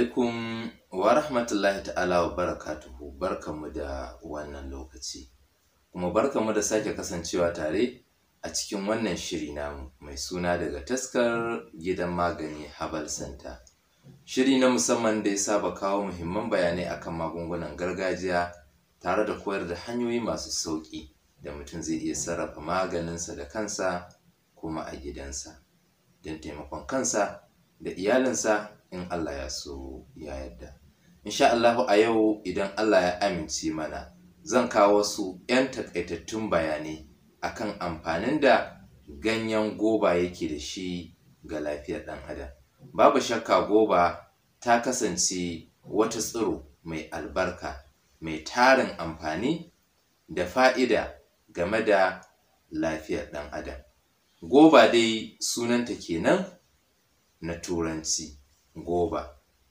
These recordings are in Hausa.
alaikum wa rahmatullahi ta'ala wa barka mu da wannan lokaci kuma barka mu da sake kasancewa tare a cikin wannan shiri namu mai suna daga taskar gidan magani Habal Center shiri na musamman da ya saba kawo muhimman bayanai akan magungunan gargajiya tare da koyar da hanyoyi masu sauƙi da mutum zai iya sarrafa maganinsa da kansa kuma a gidansa don taimakon kansa da iyalinsa in Allah ya so ya yarda insha Allah a yau idan Allah ya amince mana zan kawo su 'yan taƙaitattun bayanai akan amfanin da ganyen goba yake da shi ga lafiyar ɗan adam babu shakka goba ta kasance wata tsiro mai albarka mai tarin amfani da fa'ida game da lafiyar ɗan adam goba dai sunanta kenan na turanci goba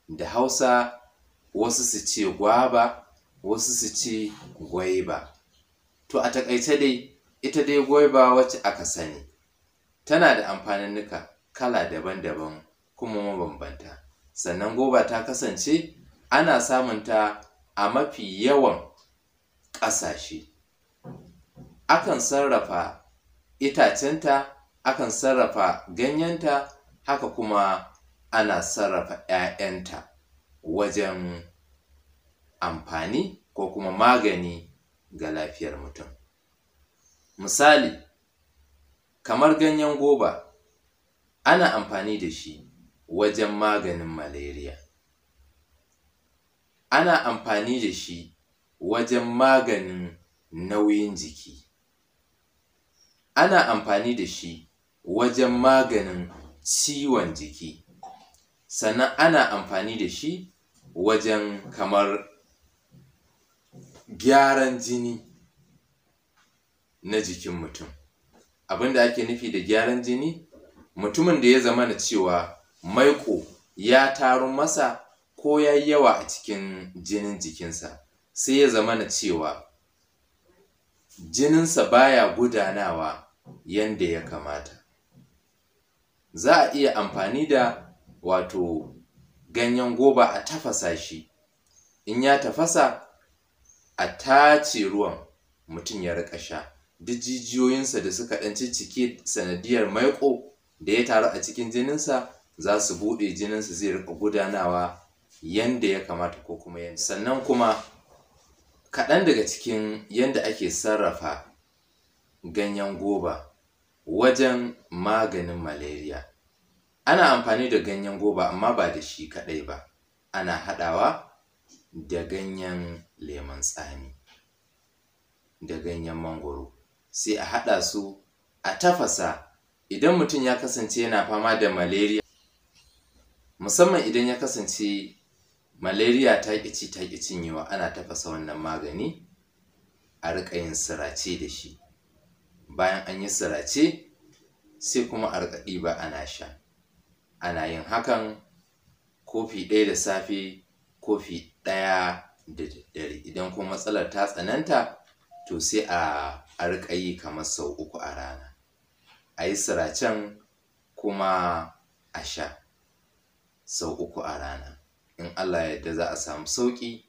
da hausa wasu su ce gwaba wasu su ce gwaiba to a taƙaice dai ita dai gwaiba wacce aka sani tana da amfaninnika kala daban-daban kuma mabambanta sannan goba ta kasance ana samunta a mafi yawan ƙasashe akan sarrafa itacenta akan sarrafa ganyenta haka kuma ana sarrafa 'ya'yanta wajen amfani ko kuma magani ga lafiyar mutum. Misali, kamar ganyen goba ana amfani da shi wajen maganin malaria, ana amfani da shi wajen maganin nauyin jiki, ana amfani da shi wajen maganin ciwon jiki sannan ana amfani da shi wajen kamar gyaran jini na jikin mutum abinda ake nufi da gyaran jini mutumin da ya zama na cewa maiƙo ya taru masa ko ya yi yawa a cikin jinin jikinsa sai ya zama na cewa jininsa baya gudanawa yadda ya kamata za a iya amfani da wato ganyen goba a tafasa shi in ya tafasa a tace ruwan mutum ya riƙa sha duk jijiyoyinsa da suka dan cike sanadiyar maiƙo da ya taru a cikin jininsa za su buɗe jininsa zai rika gudanawa yanda ya kamata ko kuma yanda sannan kuma kaɗan daga cikin yanda ake sarrafa ganyen goba wajen maganin malaria. Ana amfani da ganyen goba amma ba da shi kaɗai ba, ana haɗawa da ganyen lemon tsami, da ganyen mangoro, sai a haɗa su a tafasa. Idan mutum ya kasance yana fama da malaria, musamman idan ya kasance malaria ta ƙici ci ta ƙicin cinyewa, ana tafasa wannan magani a riƙa yin sirace da shi. bayan an yi sirace sai kuma a riƙa ba ana sha ana yin hakan kofi ɗaya da safe kofi ɗaya da daddare idan kuma matsalar ta tsananta to sai a riƙa yi kamar sau uku a rana a yi siracen kuma a sha sau uku a rana in allah yadda za a samu sauƙi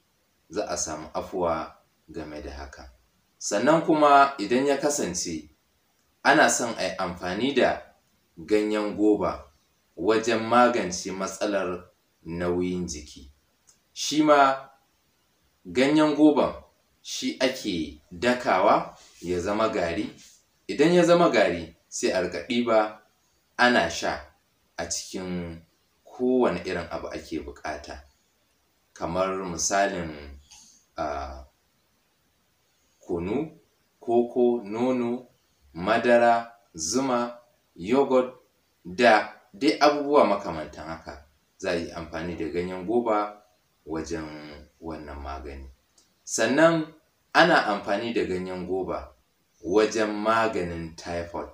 za a samu afuwa game da haka sannan kuma idan ya kasance ana son a yi amfani da ganyen goba wajen magance matsalar nauyin jiki shi ma ganyen goban shi ake dakawa ya zama gari idan ya zama gari sai a riƙa ba, ana sha a cikin kowane irin abu ake buƙata kamar misalin ah, kunu koko nono madara, zuma, yogurt da dai abubuwa makamantan haka. Za a yi amfani da ganyen goba wajen wannan magani. Sannan ana amfani da ganyen goba wajen maganin typhoid.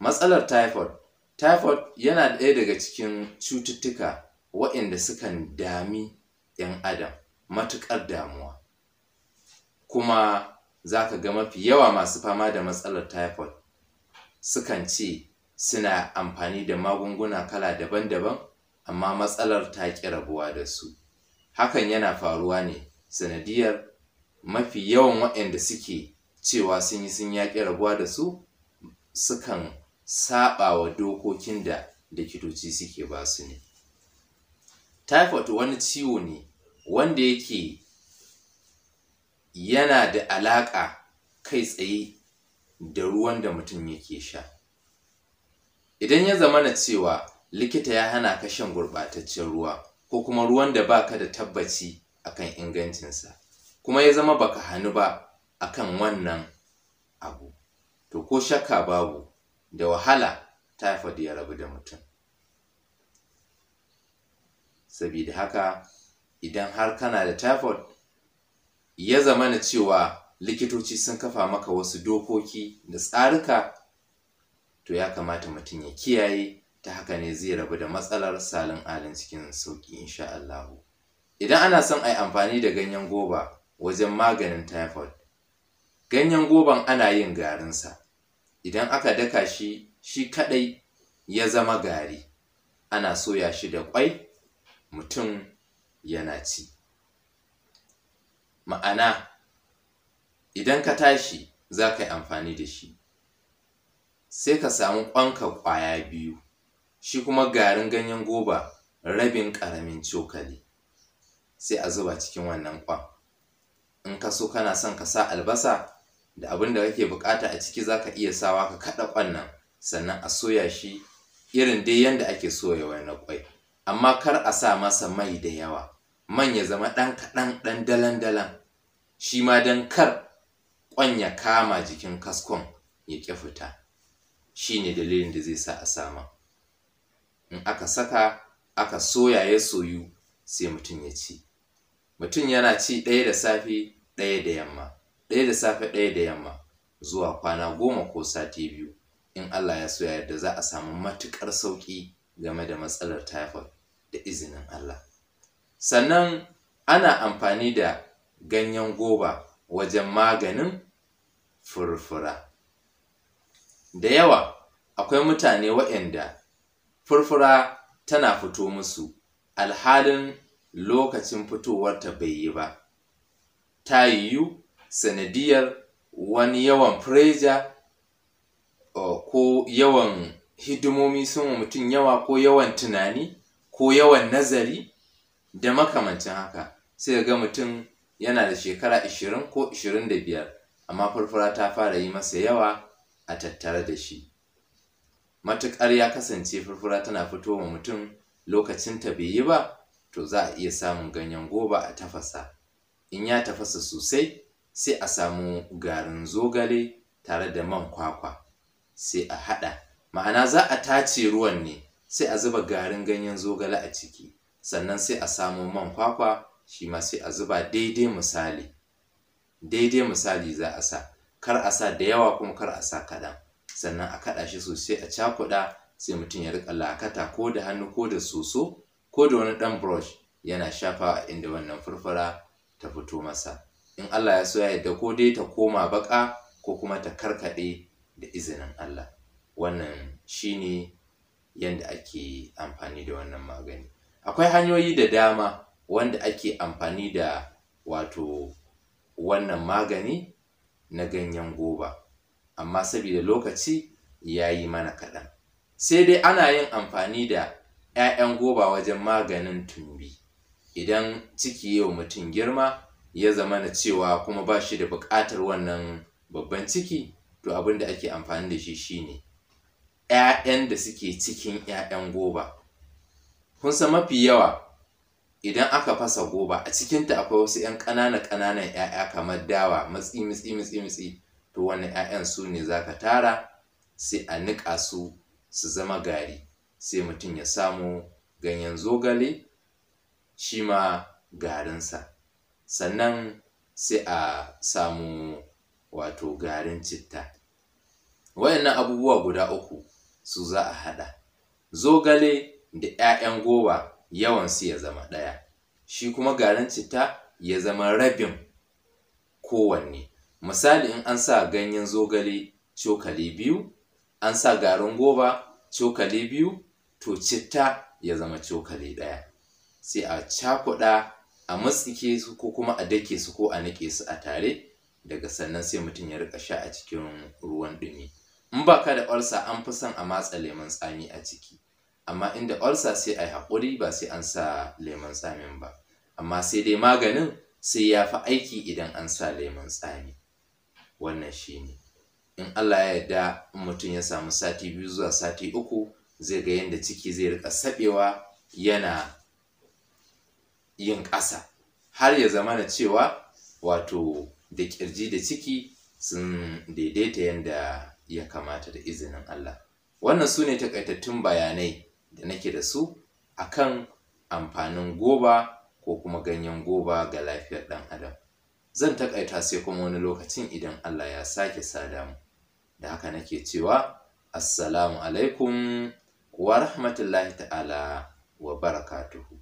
Matsalar typhoid, typhoid yana ɗaya daga cikin cututtuka waɗanda sukan dami ‘yan adam matuƙar damuwa, kuma za ka ga mafi yawa masu fama da matsalar typhoid sukan ce suna amfani da magunguna kala daban-daban amma matsalar ta ƙi rabuwa da su hakan yana faruwa ne sanadiyar mafi yawan waɗanda suke cewa sun yi sun yaƙi rabuwa da su sukan saɓa wa dokokin da likitoci suke ba su ne typhoid wani ciwo ne wanda yake yana da alaƙa kai tsaye da ruwan da mutum yake sha idan ya zama na cewa likita ya hana ka shan gurɓataccen ruwa ko kuma ruwan da baka da tabbaci akan ingancinsa kuma ya zama baka hannu ba akan wannan abu to ko shakka babu da wahala taifod ya rabu da mutum sabida haka idan har kana da taifod. ya zama na cewa likitoci sun kafa maka wasu dokoki da tsarika to ya kamata mutum ya kiyaye ta haka ne zai rabu da matsalar salin alin cikin sauƙi insha Allah Idan ana son a yi amfani da ganyen goba wajen maganin typhoid, ganyen goban ana yin garin sa idan aka daka shi shi kaɗai ya zama gari, ana soya shi da kwai mutum yana ci. ma'ana idan ka tashi za ka yi amfani da shi sai ka samu ƙwanka ƙwaya biyu shi kuma garin ganyen goba rabin ƙaramin cokali sai a zuba cikin wannan ƙwan in ka so kana son ka sa albasa da abin da kake buƙata a ciki za ka iya sawa ka kaɗa ƙwan nan sannan a soya shi irin dai yadda ake soya wani ƙwai amma kar a sa masa mai da yawa man ya zama ɗan kaɗan ɗan dalan-dalan shi ma don kar ƙwan ya kama jikin kaskon ya ƙi fita shi ne dalilin da zai sa a sama in aka saka aka soya ya soyu sai mutum ya ci mutum yana ci ɗaya da safe ɗaya da yamma ɗaya da safe ɗaya da yamma zuwa kwana goma ko sati biyu in Allah ya soya yadda za a samu matuƙar sauƙi game da matsalar typhoid da izinin Allah sannan ana amfani da ganyen goba wajen maganin furfura. Da yawa akwai mutane waɗanda furfura tana fito musu alhalin lokacin fitowarta bai yi ba, ta yiwu sanadiyar wani yawan pressure ko yawan hidimomi sun mutum yawa ko yawan tunani ko yawan nazari da makamancin haka sai ga mutum yana da shekara 20 ko 25 amma furfura ta fara yi masa yawa a tattare da shi matuƙar ya kasance furfura tana fito wa mutum lokacin ta bai yi ba to za a iya samun ganyen goba a tafasa in ya tafasa sosai sai a samu garin zogale tare da man kwakwa sai a haɗa ma'ana za a tace ruwan ne sai a zuba garin ganyen zogale a ciki sannan sai a samo man kwakwa shi ma sai a zuba daidai misali daidai misali za a sa kar a sa da yawa kuma kar a sa kaɗan sannan a kaɗa shi sosai a cakuɗa sai mutum ya riƙa lakata ko da hannu ko da soso ko da wani ɗan brush yana shafawa inda wannan furfura ta fito masa in Allah ya so ya yadda ko dai ta koma baƙa ko kuma ta karkaɗe da izinin Allah wannan shine yanda ake amfani da wannan magani Akwai hanyoyi da dama wanda ake amfani da wato wannan magani na ganyen goba, amma saboda lokaci ya yi mana kaɗan. Sai dai ana yin amfani da ‘ya'yan goba wajen maganin tumbi. Idan ciki yau mutum girma, ya zama na cewa kuma ba shi da buƙatar wannan babban ciki, to abin da ake amfani da shi shi ne ‘ya'yan da suke cikin ‘ya'yan goba. kun san mafi yawa idan aka fasa goba a cikinta akwai wasu 'yan ƙanana ƙananan 'ya'ya kamar dawa matsi matsi matsi matsi to wannan 'ya'yan su ne za ka tara sai a niƙa su su zama gari sai mutum ya samu ganyen zogale shi ma garinsa sannan sai a samu wato garin citta wayannan abubuwa guda uku su za a haɗa zogale da 'ya'yan goba yawansu ya zama ɗaya shi kuma garin citta ya zama rabin kowanne misali in an sa ganyen zogale cokali biyu an sa garin goba cokali biyu to citta ya zama cokali ɗaya sai a cakuɗa a matsike su ko kuma a dake su ko a niƙe su a tare daga sannan sai mutum ya rika sha a cikin ruwan ɗumi in ba ka da olsa an fi son a matsa lemun tsami a ciki amma inda ulcer sai ayi hakuri haƙuri ba sai an sa lemon tsamin ba amma sai dai maganin sai ya fi aiki idan an sa lemon tsami wannan shi ne in allah ya yarda in mutum ya samu sati biyu zuwa sati uku zai ga yadda ciki zai rika saɓewa yana yin ƙasa har ya zama na cewa wato da ƙirji da ciki sun daidaita yadda ya kamata da izinin allah wannan su ne takaitattun bayanai da nake da su akan amfanin goba ko kuma ganyen goba ga lafiyar ɗan adam zan taƙaita sai kuma wani lokacin idan Allah ya sake sada mu da haka nake cewa assalamu alaikum wa rahmatullahi ta'ala wa barakatuhu